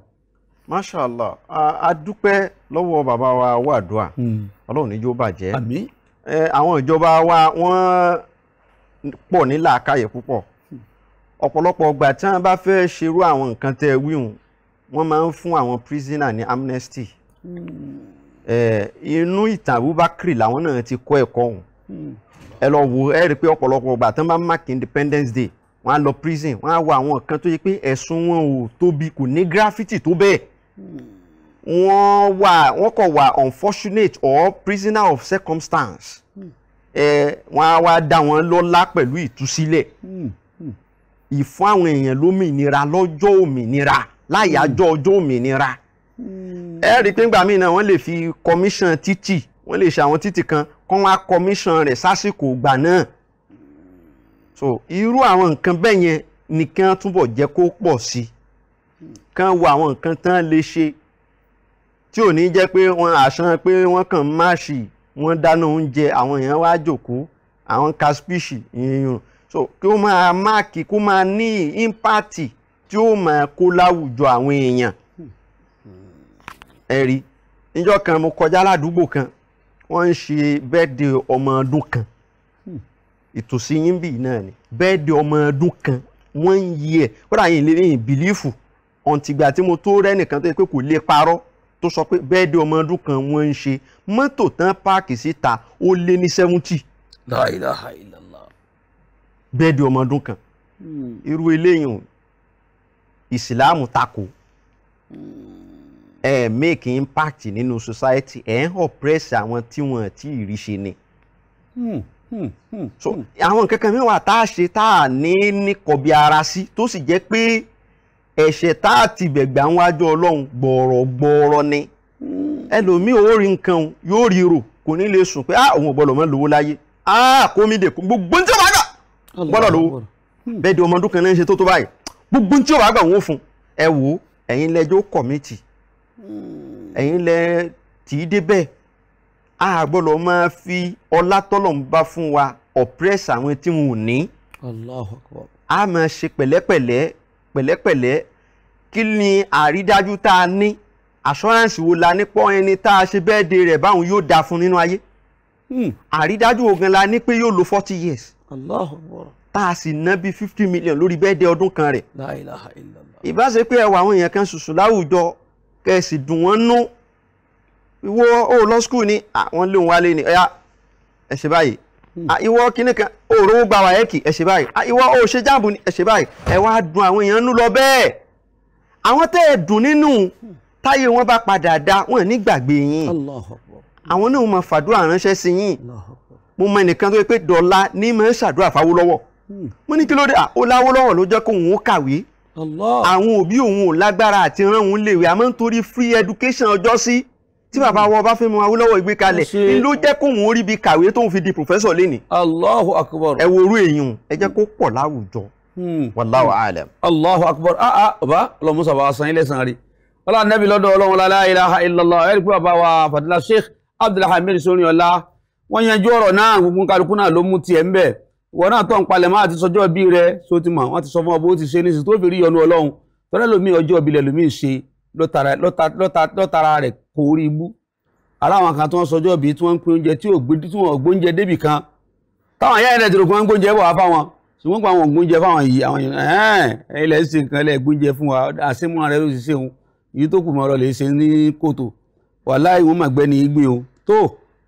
Masha Allah a dúpẹ́ lọ́wọ́ bàbá wa wàdùà hmm. Ọlọ́run níjó bàjẹ́ àwọn ìjọba wa wọ́n pọ̀ ní làákàyè púpọ̀ ọ̀pọ̀lọpọ̀ ọgbà tí wọ́n bá fẹ́ ṣerú àwọn nǹkan tẹ́ wíhùn wọ́n máa ń fún àwọn prisoner ní amnesty. Hmm inú ìtàn Abubakar làwọn náà ti kọ́ ẹ̀kọ́ ọ̀hún ẹ lọ wo ẹ rí i pé ọ̀pọ̀lọpọ̀ ìgbà tán bá mark Independence Day wọ́n á lọ prison wọ́n á wo àwọn kan tó yẹ pé ẹ̀sùn wọn ò tóbi kò ní graffiti tó bẹ́ẹ̀ wọ́n wà wọ́n kọ̀ wà unfortunate or prisoner of circumstance wọ́n á wá dá wọn lọ́lá pẹ̀lú ìtúsílẹ̀ ìfún àwọn èèyàn lómìnira lọ́jọ́ òmìnira láyàájọ́ hmm. ọjọ́ òmìnira ẹ rí i pé ńgbà míì náà wọ́n lè fi commission títì wọ́n lè ṣe àwọn títì kan kọ́ wọ́n á commission rẹ̀ sásìkò ìgbà náà so irú àwọn nǹkan bẹ́ẹ̀ yẹn nìkan túbọ̀ jẹ́ kó pọ̀ sí i kán wo àwọn nǹkan tán lè ṣe tí ò ní jẹ́ pé wọ́n àṣán pé wọ́n kàn máàṣì wọ́n dáná oúnjẹ àwọn èèyàn wá jòkó àwọn kaspishi èèyàn so kí ó máa máàkì kó máa ní ímpáàtì tí ó máa kó láwùjọ àwọn èèyàn ẹ̀rí níjọ́ kan mo kọjá ládùúgbò kan wọ́n ń ṣe bẹ́ẹ̀dẹ̀ ọmọ ọdún kan hmm. ìtòsí yín bì náà ni bẹ́ẹ̀dẹ̀ ọmọ ọdún kan wọ́n ń yí ẹ̀ kódà yìí lè yìn bìlífù ọ̀ǹtìgbà tí mo tó rẹ́nìkan tó yẹ pé kò lè parọ́ tó sọ pé bẹ́ẹ̀dẹ̀ ọmọ ọdún kan wọ́n ń ṣe mọ́tò tán páàkì síta ó lé ní sẹ́wọ́ntì. La ọmọ ọdún kan hmm. irú eléyìí ìsìláàmù takò. Hmm ẹ make impact nínú society ẹ ń oppress àwọn tí wọn ti rí ṣe ni. Hmm, hmm, hmm, so àwọn nǹkan kan mẹ́wàá tá a ṣe tá a ní ní kọbi ara sí tó sì jẹ́ pé ẹ̀ṣẹ̀ tá a ti bẹ̀gbà ń wájú ọlọ́run gbọ̀rọ̀gbọ̀rọ̀ ni ẹlòmíì ò rí nǹkan yóò rí rò kò ní lè sùn pé àwọn ah, ò gbọ́dọ̀ mọ́ lówó láyé ah, kómìdè gbogbo ní tí ó bá gbà gbọ́dọ̀ lówó bẹ́ẹ̀ di ọmọ ọdún kan náà ń ṣe tó tó báyìí gbogbo ní tí ó bá gbà wọ́n fún ẹ wò ẹ̀yin lẹ́jọ́ kọ̀mìtì ẹ̀yin lẹ tì í débẹ̀ a gbọ́dọ̀ máa fi ọlá tọ́lọ̀ ń bá fún wa oppress àwọn tí wọn ò ní. a máa ṣe pẹ̀lẹ́pẹ̀lẹ́ pẹ̀lẹ́pẹ̀lẹ́ kí ni àrídájú tá a ní assurance wo la ní pọ́ ẹni tá a ṣe de rẹ̀ báwọn yóò dáa fún nínú ayé hmm. àrídájú ogan la ní pé yóò lo forty years tá a sì ná bíi fifty million lórí bẹ́ẹ̀dẹ̀ ọdún kan rẹ̀ ìbá ṣe pé ẹwà àwọn èèyàn kan ṣùṣù láwùjọ kẹ́sì dùn wọ́n nú ìwọ ó lọ skul ni àwọn lóun wálé ni ọ̀yà ẹ ṣe báyìí hmm. ìwọ kíní kan ó rówó gba wáyẹ́kì ẹ ṣe báyìí ìwọ ó ṣe jáàbù ni ẹ ṣe báyìí ẹ wá dùn àwọn èèyàn nú lọ bẹ́ẹ̀ àwọn tẹ́ ẹ dùn nínú hmm. táyé wọn bá padà dá wọn ní gbàgbé yín àwọn náà máa fàdúrà ránṣẹ́ sí yín mo mọ ẹnìkan tó yẹ pé dọ̀la ní máa ń ṣàdúrà fáwọ́ lọ́wọ́ hmm. mo ní kí ló dé à ó láwọ́ lọ́wọ́ ló jẹ́ kóun ó kàwé àwọn òbí òun ò lágbára àti rán òun léwe àmọ́ nítorí free education ọjọ́ sí tí bàbá hmm. wọn bá fẹ́ mọ Awólọ́wọ̀ ìgbé kalẹ̀ ni ló jẹ́ kóun orí bi kàwé tóun fi di professor lẹ́nìí. Allahu akbar. ẹ woru orú èèyàn ẹ jẹ́ kó pọ̀ láwùjọ. Hmm. wallahu alam. Allahu akbar ah ah bàbá ọlọmọsà bá san ilé san rí wọ́n láti nẹ́bí lọ́dọ̀ ọlọ́run la ilaha illallah ẹ̀rí pé bàbá wa Fadila Sheikh Abdulhamid Sorinola wọ́n yanjú ọ̀rọ̀ náà gbogbo kálukú náà ló mú tiẹ̀ ń bẹ́ẹ̀ ìwọ náà tó ń palẹ̀ máa ti sọjọ́ bí rẹ tó ti mọ̀ wọ́n ti sọ fún ọ bó ti ṣe ní ìsìn tó fi rí ọnu ọlọ́run tọ́lẹ́ lómi ọjọ́ ìbílẹ̀ lómi ṣe lọ́tara rẹ̀ kò rí ibú aláwọn kan tó ń sọjọ́ bí tí wọ́n ń pín oúnjẹ tí wọ́n gbóúnjẹ débì kan táwọn ayé ẹ̀rẹ́ tìrògùn wọn gbóúnjẹ bọ̀ wá fáwọn ṣùgbọ́n pa àwọn ògbóúnjẹ fáwọn yìí àwọn ẹ̀ẹ́n ilẹ̀ ń ṣe nǹkan ilẹ̀ gbóúnjẹ fún wa àṣemúra rẹ ló ti ṣe òun èyí tó kù mọ́ ọ̀rọ̀ lè ṣe ní kòtò wàláì wọ́n màgbẹ́ ní gbìn o tó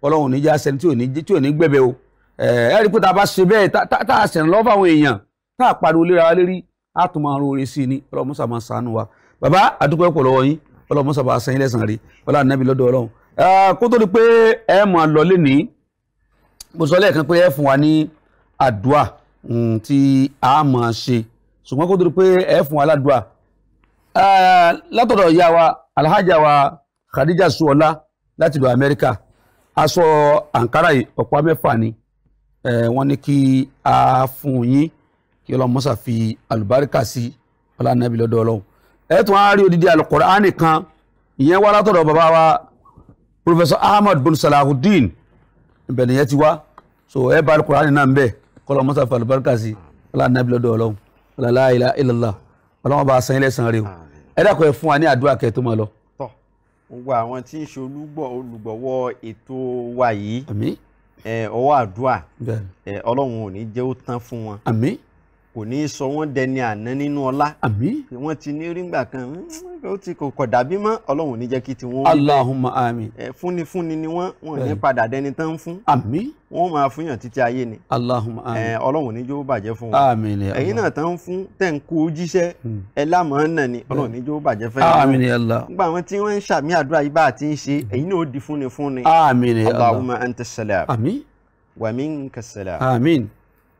ọlọ́run ò ní já sẹ́ni tí ò ní gbẹ̀bẹ̀ o Eh, ẹ̀rí pé tá a bá ṣe bẹ́ẹ̀ tá a ṣẹ̀rìn lọ́wọ́ àwọn èèyàn tá a pariwo léra wa lérí á tún máa ro oore sí i ní ọlọ́mọ́sà máa ṣàánú wa bàbá àdúgbò ẹ̀pọ̀ lọ́wọ́ yín ọlọ́mọ́sà bá sẹ́yìn lẹ́sàn rí ọlá nàbí lọ́dọ̀ ọlọ́run eh, kó tó di pé ẹ máa lọ lé ní mo sọ lẹ́ẹ̀kan pé ẹ fún wa ní àdúà hmm, tí a máa ṣe ṣùgbọ́n kó tó di pé ẹ fún wa ládùà eh, látọ̀dọ̀ ìyá wa alhaja wa Khadija Suola láti lọ Amẹ́ríkà aṣọ àǹkárá yìí ọ̀pá mẹ́fà ni wọ́n ní kí a fún yín kí ọlọ́run fi àlùbáríkà sí ọlànàbí lọ́dọ̀ ọlọ́run ẹ tún á rí odidi alukur'ani kan ìyẹn wá látọ̀dọ̀ bàbá wa professor Ahmed bin salahuddin ibẹ̀ nìyẹn ti wá so ẹ bá alukur'ani náà ń bẹ̀ kí ọlọ́run fi àlùbáríkà sí ọlànàbí lọ́dọ̀ ọlọ́run ọlàlá ilà ilàlá ọlọ́run bá san ilé san rè o ẹ dákọ̀ ẹ fún wa ní àdúrà kẹ́ tó máa lọ. tọ́ gbogbo àwọn tí ń ọwọ́ àdúrà ọlọ́run ò ní jẹ́ ó tán fún wọn. àmín kò ní í sọ wọ́n dẹni àná nínú ọlá. àmín. wọ́n ti ní rígbà kan ó ti kò kọ̀dà bí mọ́ ọlọ́run ní jẹ́ kí ti wọ́n. Allahumma àmín. ẹ fúnni fúnni ni wọ́n wọ́n ní padà dẹni tán fún. àmín. wọ́n máa fúnyàn títí ayé ni. Allahumma àmín. ẹ ọlọ́run ní jó bàjẹ́ fún wọn. àmín ni Allah. ẹ̀yin náà tán fún tẹ̀ ń kó jíṣẹ́ hmm. ẹ lámọ̀ ọ́n náà ni ọlọ́run ní jó bàjẹ́ fẹ́. àmín ni Allah. nígbà wọn tí wọ́n ń ṣàmì àdúrà yìí bá a ti ń ṣe hmm. ẹ̀yin náà ó di fúnni fúnni. àmín ni Allah. Allahumma anta salam. àmín. wa salam. àmín.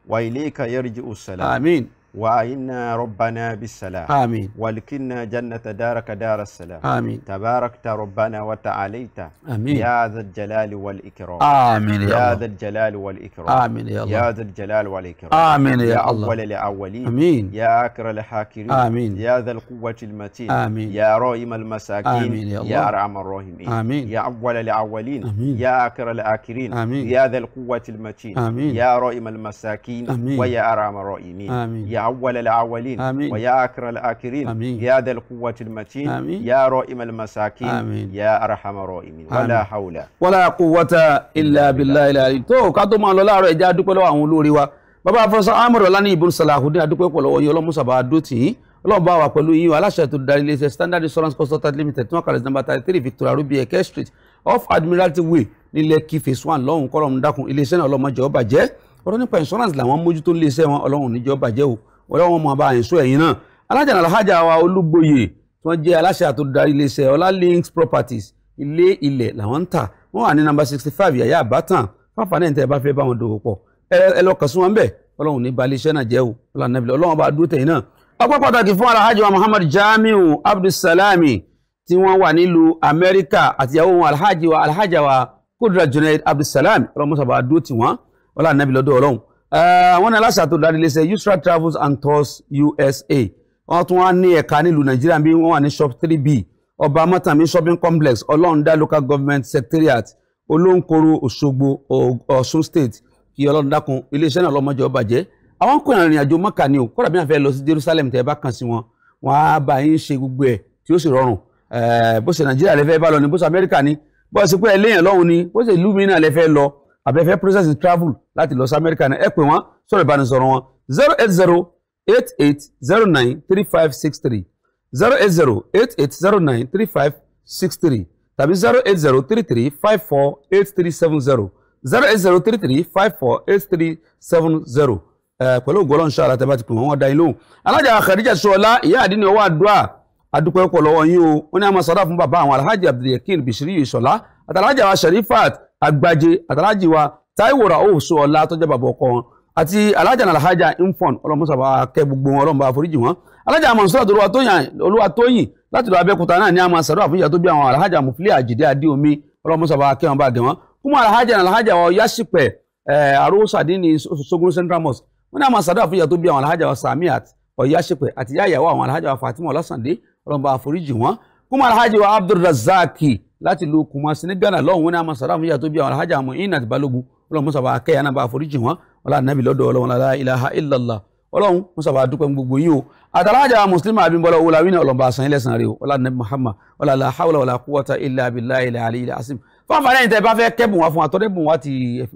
وإليك يرجع السلام آمين وإنا ربنا بالسلام آمين ولكن جنة دارك دار السلام آمين تباركت ربنا وتعاليت آمين يا ذا الجلال والإكرام آمين يا, يا ذا الجلال والإكرام آمين يا الله يا ذا الجلال والإكرام آمين يا, يا الله أول لأولين آمين يا أكرم الحاكرين آمين يا ذا القوة المتين آمين يا رائم المساكين آمين يا, الله. يا أرحم الراحمين آمين يا أول لأولين آمين يا أكرم الآكرين آمين يا ذا القوة المتين آمين يا رائم المساكين آمين ويا أرحم الراحمين آمين يا أول الأولين آمين. ويا أكر الآكرين، آمين. يا ذا القوة المتين آمين. يا رائم المساكين آمين. يا أرحم الراحمين ولا حول ولا قوة إلا بالله العلي tó ká tó máa lọ láàárọ̀ ẹ̀jẹ̀ adúpẹ́ lọ́wọ́ àwọn olórí wa bàbá afọ́sọ amúrò ọ̀la ní ibùdó salahudin adúpẹ́ pọ̀ lọ́wọ́ yìí ọlọ́mùsàbà adótì yìí ọlọ́run bá wà pẹ̀lú yín aláṣẹ tó darí iléeṣẹ́ standard insurance consultant limited tí wọ́n kàlẹ́ number thirty victoria rubi eke street off admiralty way ní Lekki phase one lọ́hùn kọ́lọ́run dákun iléeṣẹ́ náà ọlọ́mọdé ọbàjẹ́ ọ̀rọ̀ nípa insurance làwọn mójútó iléeṣẹ́ wọn ọlọ́run níjọba jẹ́ o ọlọ́wọ́n mọ̀ bá àyìnsó ẹ̀yìn náà alájà alhaja wa olúgbòye tí wọ́n jẹ́ aláṣẹ àtòdarí iléeṣẹ́ ọlá links properties ilé ilẹ̀ làwọn ń tà wọ́n wà ní nọ́mbà sixty five yàyà àbátan fáfáàní ẹ̀ńtẹ́ bá fẹ́ bá wọn dòwò pọ̀ ẹ lọ kàn sí wọn bẹ́ẹ̀ ọlọ́run ní balẹ̀ iṣẹ́ náà jẹ́ o ọlọ́run bá dúró tẹ̀yìn náà. ọpẹ́ pàtàkì fún alhaji wa muhammad jamiu abdulsalami tí wọ́n wà nílùú amẹ́ríkà àtìyàwó wọn alhaji wa alhaja wa kudra junaid abdulsalami ọlọ́run mọ́sàbá dúró tì wọ́n ọlọ́run Eh, àwọn aláṣà tó dániléṣẹ́ Yusra Travels and Tours USA wọ́n tún wá ní ẹ̀ka nílùú Nàìjíríà bí wọ́n wà ní shop three b ọba mọ́tàmí shopping complex ọlọ́ọ̀dá local government secretariat olóńkoro Òṣogbo Ọ̀ṣun state kí ọlọ́run dákun iléeṣẹ́ náà lọ́mọdé ọba jẹ́ àwọn kò ìrìn àjò mọ́kà ni o kódà bí wọ́n fẹ́ lọ sí Jerusalem tẹ́ ẹ bá kàn sí wọn wọn á bá yín ṣe gbogbo ẹ̀ tí ó sì rọrùn eh, bó ṣe Nàìjíríà lẹ́fẹ́ bá lọ ni bó ṣe Amẹ́ríkà ni bó ṣe pé ẹlẹ́yìn lọ́hùn ni bó ṣe ìlú mìíràn lẹ́fẹ́ lọ abẹ́fẹ́ process travel láti lọ sí amẹ́ríkà náà ẹ pè wọ́n sọ̀rọ̀ ìbánisọ̀rọ̀ wọn zero eight zero eight eight zero nine three five six three zero eight zero eight eight zero nine three five six three tàbí zero eight zero three three five four eight three seven zero zero eight zero three three five four eight three seven zero pẹ̀lú ògbọ́lọ́n ṣáà látẹ̀ bá ti pè wọ́n wọ́n da yín lóhùn alájà àkàdíjà ṣọlá ìyá àdínní ọwọ́ àdúrà adúpẹ́ pọ̀ lọ́wọ́ yín o wọ́n ní àwọn sọ́dá fún bàbá àwọn alhaji abdulyakin bishiri ìṣọ̀lá àtàlájà wa sharifat àgbàjẹ àtàlájì wa táìwò raouf sọ ọlá tọjọ bàbá ọkọ wọn àti alájà nàlàhájà infon ọlọmọsàbà kẹ gbogbo wọn ọlọmọba àforíjì wọn alájà Mansurat Olúwatóyìn láti lọ Abẹ́òkúta náà ní àmọ́ sàdúrà fún ìyá tó bí àwọn alájà mufilé àjìdé adéomi ọlọmọsàbà kẹ wọn bá gẹ wọn kúmọ alájà nàlàhájà wọn yásípẹ àròsàdé eh, ní Sogoro Central Mosque wọn ní àmọ́ sàdúrà fún ìyá tó bí àwọn alájà wọn Samiat ọ̀yáṣepẹ̀ àti yáyàwó àwọn alhaji wa fatima ọlásàndé ọlọ́mọba àforíjì wọn kúmọ̀ alhaji wa abdulrazaki láti lu Kumasi ní Ghana lọ́hùn ní amọ̀ sàrà fún yàtọ̀ bí àwọn alhaja àmọ̀ ìnà àti balógun ọlọ́run mọ́sàbà akẹ́yà náà bá àforíjì wọn ọlá nàbì lọ́dọ̀ ọlọ́run la ilaha illallah ọlọ́run mọ́sàbà dúpẹ́ gbogbo yìí o àtàlájà mùsùlùmí àbímbọ́lá owó làwínà ọlọ́mọba àsàn ilẹ̀ sàn rè o ọlá nàbì Muhammad ọlá la hawla wàlá quwwata illa billahi ilẹ̀ àlẹ́ ilẹ̀ asim fáfáà ẹ̀yìn tẹ́ bá fẹ́ kẹ́bùn wa fún wa tọ́dẹ́bùn wa ti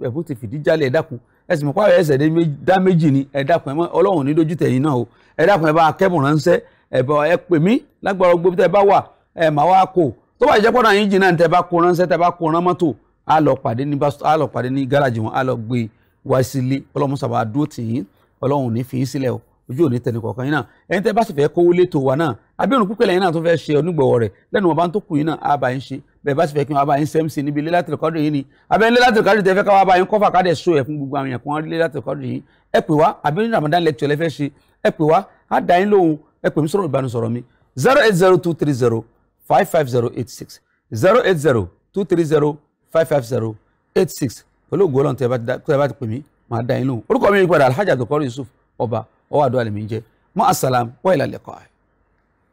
ẹ̀fún ti fìdí jálẹ̀ ẹ dákun ẹ̀sìn mọ̀pá ẹ̀sẹ̀ dá méjì ni ẹ dákun ẹ̀mọ́ ọlọ́run ní dójú tẹ̀yìn náà o ẹ ẹ bá kẹ́bùn ránṣẹ́ ẹ pè mí lágbára gbogbo tẹ́ bá wà ẹ̀ máa wá kó tó bá jẹ́ pọ́nà yín jìnnà tẹ́ bá kó ránṣẹ́ tẹ́ bá kó rán mọ́tò á lọ pàdé ní á lọ pàdé ní gáràjì wọn á lọ gbé wá sílé ọlọ́run sábà dúró tì yín ọlọ́run ò ní fi yín sílẹ̀ o ojú òní tẹnu kọ̀ọ̀kan yín náà ẹni tẹ́ bá sì fẹ́ kówó létò wa náà abirùn pípẹ́ lẹ́yìn náà tó fẹ́ ṣe onígbọ̀wọ́ rẹ̀ lẹ́nu wọn bá ń tó kù yín náà á bá yín ṣe bẹ́ẹ̀ bá sì fẹ́ kí wọn ni abẹ́rẹ́ lélátìrì kọ́dù tẹ́ fẹ́ ká wá bá yín kọ́fà kádẹ̀ ṣó ẹ̀ fún gbogbo àwọn èèyàn kí wọ́n rí lélátìrì kọ́dù lecture lẹ́fẹ́ ṣe ẹ pè wá á dá yín lóhùn zero zero two three zero 55086 080 230 55086 pẹ̀lú ògùn ọlọ́run tẹ́ bá ti pè mí màá dá yín lóhùn orúkọ mi yìí padà alhaji abdulkadir yusuf ọba ọwọ́ àdúrà lèmi ń jẹ́ mọ́ asàlám wọ́n ìlàlẹ̀ kọ́ ẹ̀.